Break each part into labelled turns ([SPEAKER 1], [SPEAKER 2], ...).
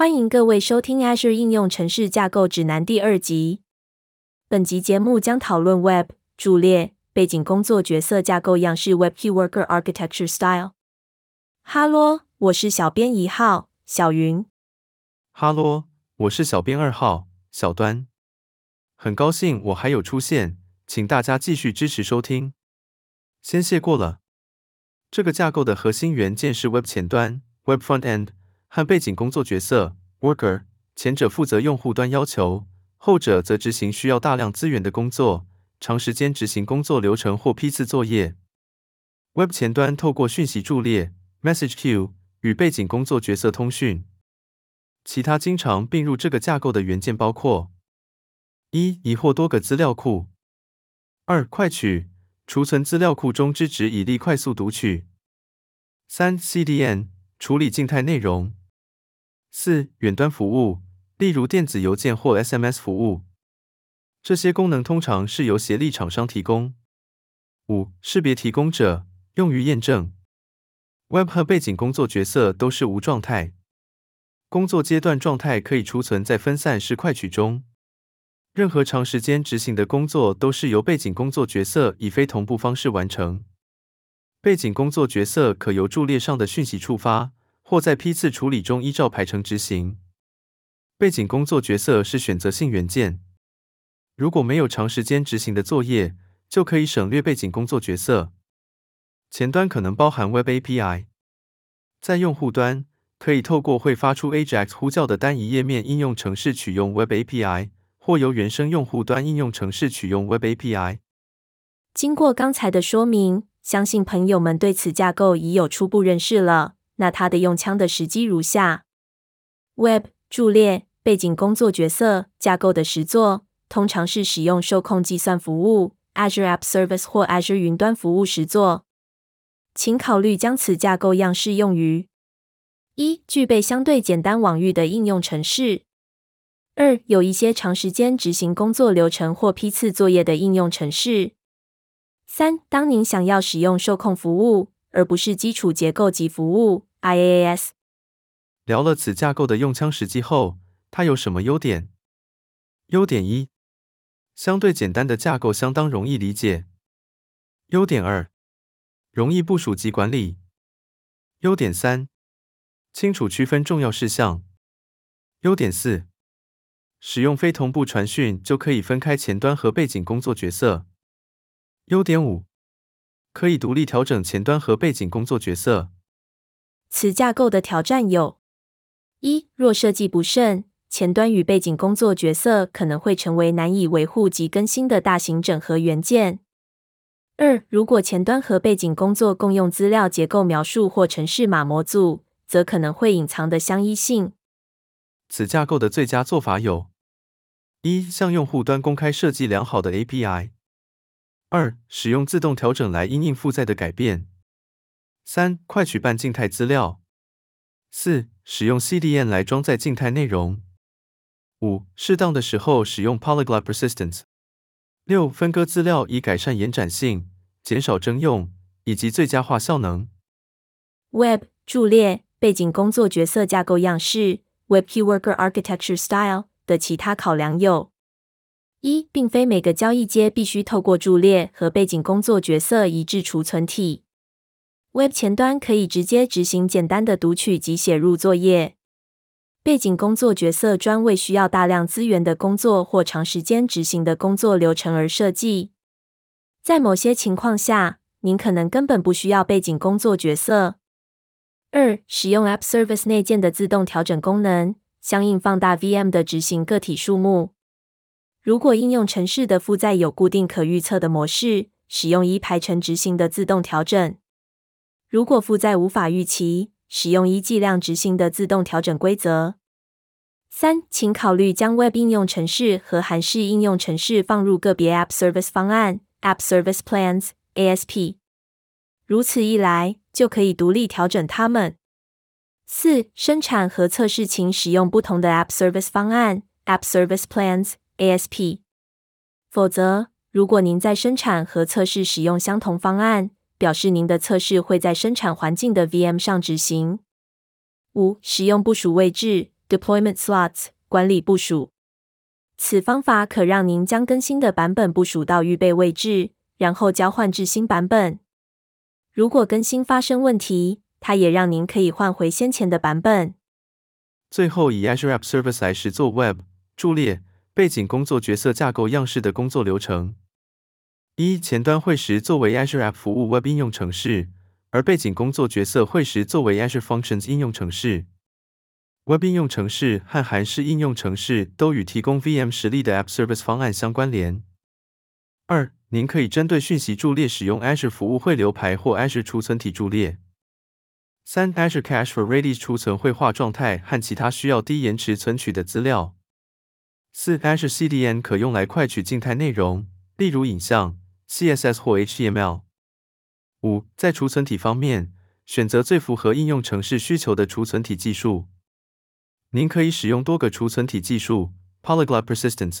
[SPEAKER 1] 歡迎各位收聽 Azure 應用程式架構指南第二集。本集節目將討論 Web 佇列、背景工作角色架構樣式 Web Queue Worker Architecture Style。哈嘍，我是小編一號小雲。哈嘍，
[SPEAKER 2] 我是小編二號小端。很高興我還有出現，請大家繼續支持收聽。先謝過了。這個架構的核心元件是 Web 前端 Web Front End。和背景工作角色 worker，前者負責用戶端要求，後者則執行需要大量資源的工作、長時間執行工作流程或批次作業。Web 前端透過訊息佇列 message queue 與背景工作角色通訊。其他經常併入這個架構的元件包括：一、一或多個資料庫；二、快取，儲存資料庫中之值以利快速讀取；三、CDN，處理靜態內容。四、遠端服務，例如電子郵件或 SMS 服務，這些功能通常是由協力廠商提供。五、識別提供者，用於驗證。Web 和背景工作角色都是無狀態，工作階段狀態可以儲存在分散式快取中。任何長時間執行的工作都是由背景工作角色以非同步方式完成。背景工作角色可由佇列上的訊息觸發，或在批次處理中依照排程執行。背景工作角色是選擇性元件。如果沒有長時間執行的作業，就可以省略背景工作角色。前端可能包含 Web API，在用戶端可以透過會發出 AJAX 呼叫的單一頁面應用程式取用 Web API，或由原生用戶端應用程式取用 Web API。
[SPEAKER 1] 經過剛才的說明，相信朋友們對此架構已有初步認識了。那它的用槍的時機如下：Web 佇列背景工作角色架構的實作，通常是使用受控計算服務 Azure App Service 或 Azure 雲端服務實作。請考慮將此架構樣式用於：一、具備相對簡單網域的應用程式；二、有一些長時間執行工作流程或批次作業的應用程式；三、當您想要使用受控服務，而不是基礎結構即服務。IaaS。
[SPEAKER 2] 聊了此架構的用槍時機後，它有什麼優點？優點一：相對簡單的架構相當容易理解。優點二：容易部署及管理。優點三：清楚區分重要事項。優點四：使用非同步傳訊就可以分開前端和背景工作角色。優點五：可以獨立調整前端和背景工作角色。
[SPEAKER 1] 此架構的挑戰有：一，若設計不慎，前端與背景工作角色可能會成為難以維護及更新的大型整合元件；二，如果前端和背景工作共用資料結構描述或程式碼模組，則可能會隱藏的相依性。
[SPEAKER 2] 此架構的最佳做法有：一，向用戶端公開設計良好的 API；二，使用自動調整來因應負載的改變。三、快取半靜態資料。四、使用 CDN 來裝載靜態內容。五、適當的時候使用 Polyglot Persistence。六、分割資料以改善延展性、減少征用以及最佳化效能。
[SPEAKER 1] Web 佇列、背景工作角色架構樣式 （Web Queue Worker Architecture Style） 的其他考量有：一、並非每個交易皆必須透過佇列和背景工作角色移至儲存體。Web 前端可以直接執行簡單的讀取及寫入作業。背景工作角色專為需要大量資源的工作或長時間執行的工作流程而設計。在某些情況下，您可能根本不需要背景工作角色。二、使用 App Service 內建的自動調整功能，相應放大 VM 的執行個體數目。如果應用程式的負載有固定可預測的模式，使用一排程執行的自動調整。如果負載無法預期，使用一劑量執行的自動調整規則。三，請考慮將 Web 應用程序和函式應用程序放入個別 App Service 方案 （App Service Plans，ASP）。如此一來，就可以獨立調整它們。四，生產和測試請使用不同的 App Service 方案 （App Service Plans，ASP）。否則，如果您在生產和測試使用相同方案，表示您的測試會在生產環境的 VM 上執行。五、使用部署位置 (Deployment Slots) 管理部署。此方法可讓您將更新的版本部署到預備位置，然後交換至新版本。如果更新發生問題，它也讓您可以換回先前的版本。
[SPEAKER 2] 最後，以 Azure App Service 來實作 Web 佇列、背景工作角色、架構樣式的工作流程。一，前端會時作為 Azure App 服務 Web 應用程式，而背景工作角色會時作為 Azure Functions 應用程式。Web 應用程式和函式應用程式都與提供 VM 實例的 App Service 方案相關聯。二，您可以針對訊息佇列使用 Azure 服務匯流排或 Azure 儲存體佇列。三，Azure Cache for Redis 儲存會話狀態和其他需要低延遲存取的資料。四，Azure CDN 可用來快取靜態內容，例如影像。CSS 或 HTML。五，在儲存體方面，選擇最符合應用程式需求的儲存體技術。您可以使用多個儲存體技術，polyglot persistence，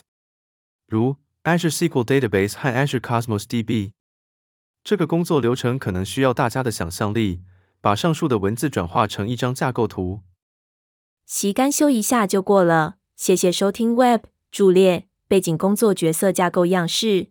[SPEAKER 2] 如 Azure SQL Database 和 Azure Cosmos DB。這個工作流程可能需要大家的想象力，把上述的文字轉化成一張架構圖。
[SPEAKER 1] 習幹修一下就過了，謝謝收聽 Web 佇列背景工作角色架構樣式。